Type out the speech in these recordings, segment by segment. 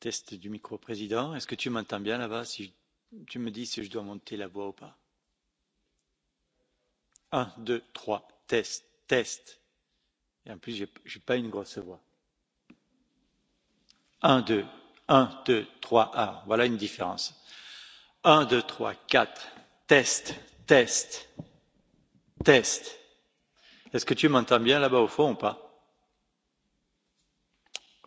test du micro président est ce que tu m'entends bien là bas si tu me dis si je dois monter la voix ou pas? un deux trois test test et en plus j'ai pas une grosse voix. un deux un deux trois ah voilà une différence. un deux trois quatre test test test est ce que tu m'entends bien là bas au fond ou pas?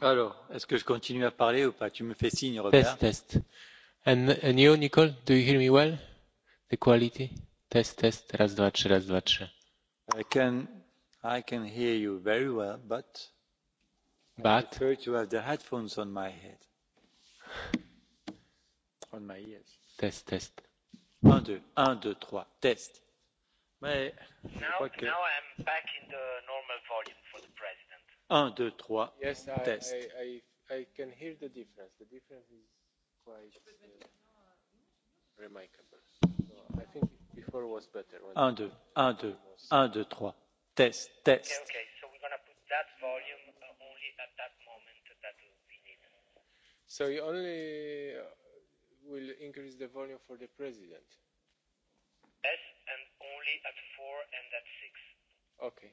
Alors, est-ce que je continue à parler ou pas Tu me fais signe, Robert. Test, test. And, and you, Nicole, do you hear me well? The quality? Test, test. Raz, dva, tři, raz, dva, tři. I can, I can hear you very well, but, but I prefer to have the headphones on my head. On my ears. Test, test. Un, deux, un, deux, trois. Test. Mais je now, crois que... now I'm back in the normal volume for the present. Un, deux, trois, yes, I, test. I, I, I can hear the difference. The difference is quite uh, remarkable. So I think before was better. un, deux, un, deux, un, deux, trois. Test, test. Okay, okay. So we're going put that volume uh, only at that moment that we need. So you only uh, will increase the volume for the president? Yes, and only at four and at six. Okay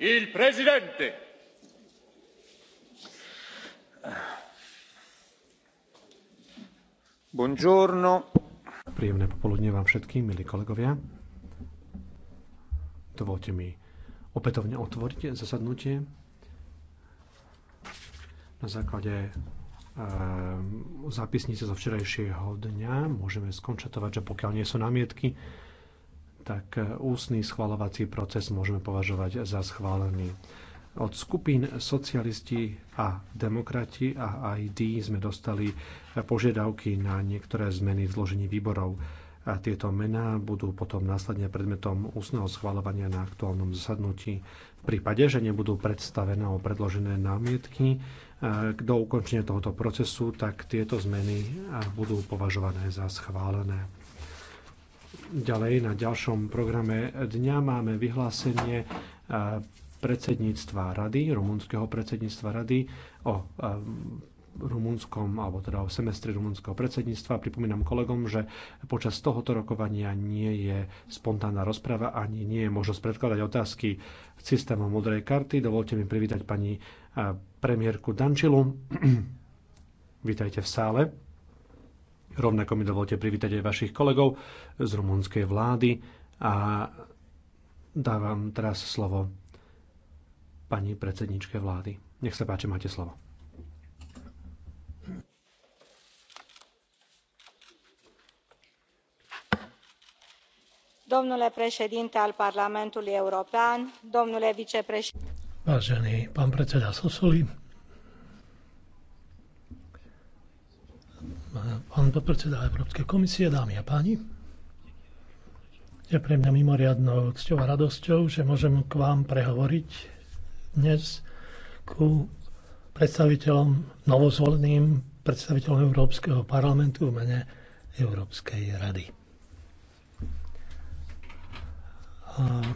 il presidente Buongiorno. Príjemné popoludne vám všetkým, milí kolegovia. Dovolte mi opätovne otvoriť zasadnutie na základe ehm, zápisnice zo včerajšieho dňa môžeme skončatovať, že pokiaľ nie sú námietky, tak ústny schvalovací proces môžeme považovať za schválený. Od skupín socialisti a demokrati a ID sme dostali požiadavky na niektoré zmeny v zložení výborov. A tieto mená budú potom následne predmetom ústneho schvalovania na aktuálnom zasadnutí. V prípade, že nebudú predstavené alebo predložené námietky e, do ukončenia tohoto procesu, tak tieto zmeny e, budú považované za schválené. Ďalej na ďalšom programe dňa máme vyhlásenie e, predsedníctva rady, rumunského predsedníctva rady o e, rumunskom, alebo teda o semestri rumunského predsedníctva. Pripomínam kolegom, že počas tohoto rokovania nie je spontánna rozprava ani nie je možnosť predkladať otázky systémom modrej karty. Dovolte mi privítať pani e, premiérku Dančilu. Vítajte v sále. Rovnako mi dovolte privítať aj vašich kolegov z rumunskej vlády a dávam teraz slovo pani predsedničke vlády. Nech sa páči, máte slovo. Domnule președinte al Parlamentului European, domnule vicepreședinte. Vážený pán predseda Sosoli, pán podpredseda Európskej komisie, dámy a páni. Je pre mňa mimoriadnou cťou a radosťou, že môžem k vám prehovoriť dnes ku predstaviteľom, novozvoleným predstaviteľom Európskeho parlamentu v mene Európskej rady. A ehm,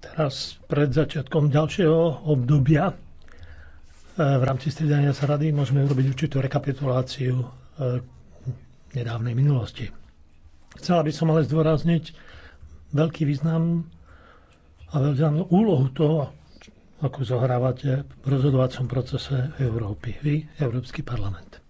teraz pred začiatkom ďalšieho obdobia E, v rámci stredania sa rady môžeme urobiť určitú rekapituláciu e, nedávnej minulosti. Chcela by som ale zdôrazniť veľký význam a veľkú úlohu toho, ako zohrávate v rozhodovacom procese Európy, vy, Európsky parlament.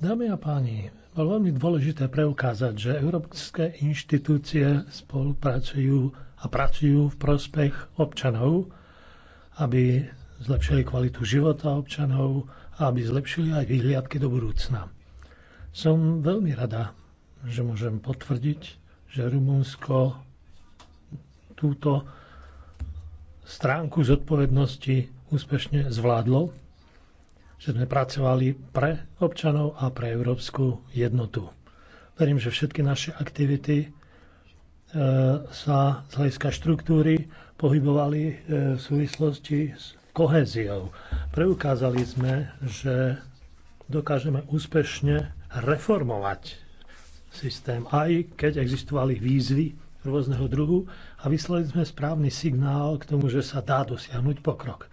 Dámy a páni, bolo veľmi dôležité preukázať, že európske inštitúcie spolupracujú a pracujú v prospech občanov, aby zlepšili kvalitu života občanov a aby zlepšili aj vyhliadky do budúcna. Som veľmi rada, že môžem potvrdiť, že Rumunsko túto stránku zodpovednosti úspešne zvládlo, že sme pracovali pre občanov a pre európsku jednotu. Verím, že všetky naše aktivity e, sa z hľadiska štruktúry pohybovali e, v súvislosti s koheziou. Preukázali sme, že dokážeme úspešne reformovať systém, aj keď existovali výzvy rôzneho druhu a vyslali sme správny signál k tomu, že sa dá dosiahnuť pokrok.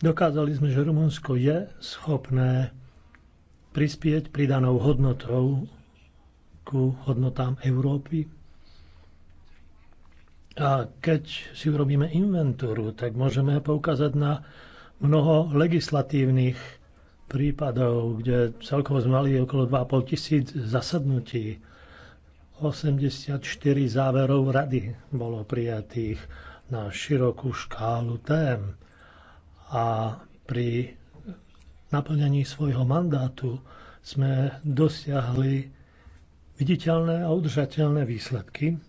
Dokázali sme, že Rumunsko je schopné prispieť pridanou hodnotou ku hodnotám Európy a keď si urobíme inventúru, tak môžeme poukázať na mnoho legislatívnych prípadov, kde celkovo sme mali okolo 2,5 tisíc zasadnutí. 84 záverov rady bolo prijatých na širokú škálu tém. A pri naplňaní svojho mandátu sme dosiahli viditeľné a udržateľné výsledky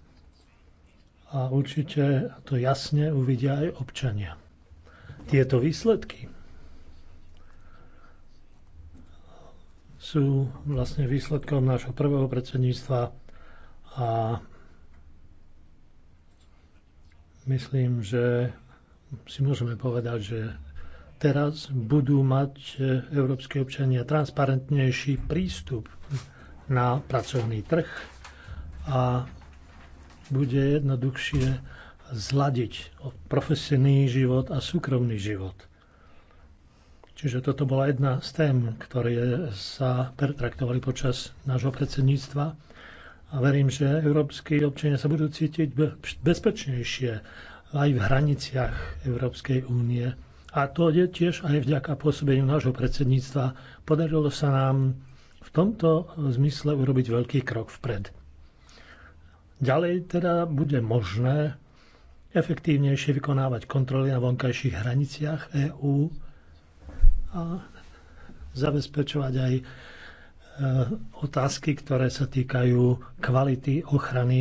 a určite to jasne uvidia aj občania. Tieto výsledky sú vlastne výsledkom nášho prvého predsedníctva a myslím, že si môžeme povedať, že teraz budú mať európske občania transparentnejší prístup na pracovný trh a bude jednoduchšie zladiť profesionálny život a súkromný život. Čiže toto bola jedna z tém, ktoré sa pertraktovali počas nášho predsedníctva a verím, že európsky občania sa budú cítiť bezpečnejšie aj v hraniciach Európskej únie. A to je tiež aj vďaka pôsobeniu nášho predsedníctva. Podarilo sa nám v tomto zmysle urobiť veľký krok vpred. Ďalej teda bude možné efektívnejšie vykonávať kontroly na vonkajších hraniciach EÚ a zabezpečovať aj e, otázky, ktoré sa týkajú kvality ochrany